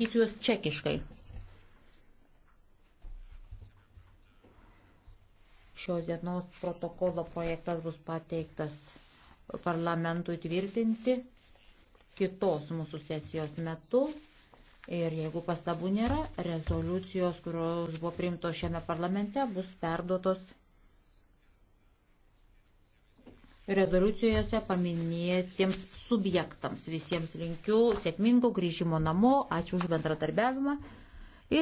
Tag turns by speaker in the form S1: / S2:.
S1: skaitysiu juos čekiškai. Šios dienos protokolo projektas bus pateiktas parlamentui tvirtinti kitos mūsų sesijos metu. Ir jeigu pastabų nėra, rezoliucijos, kurios buvo priimtos šiame parlamente, bus perduotos rezoliucijose paminėtiems subjektams. Visiems linkiu sėkmingo grįžimo namo, ačiū už
S2: bendradarbiavimą.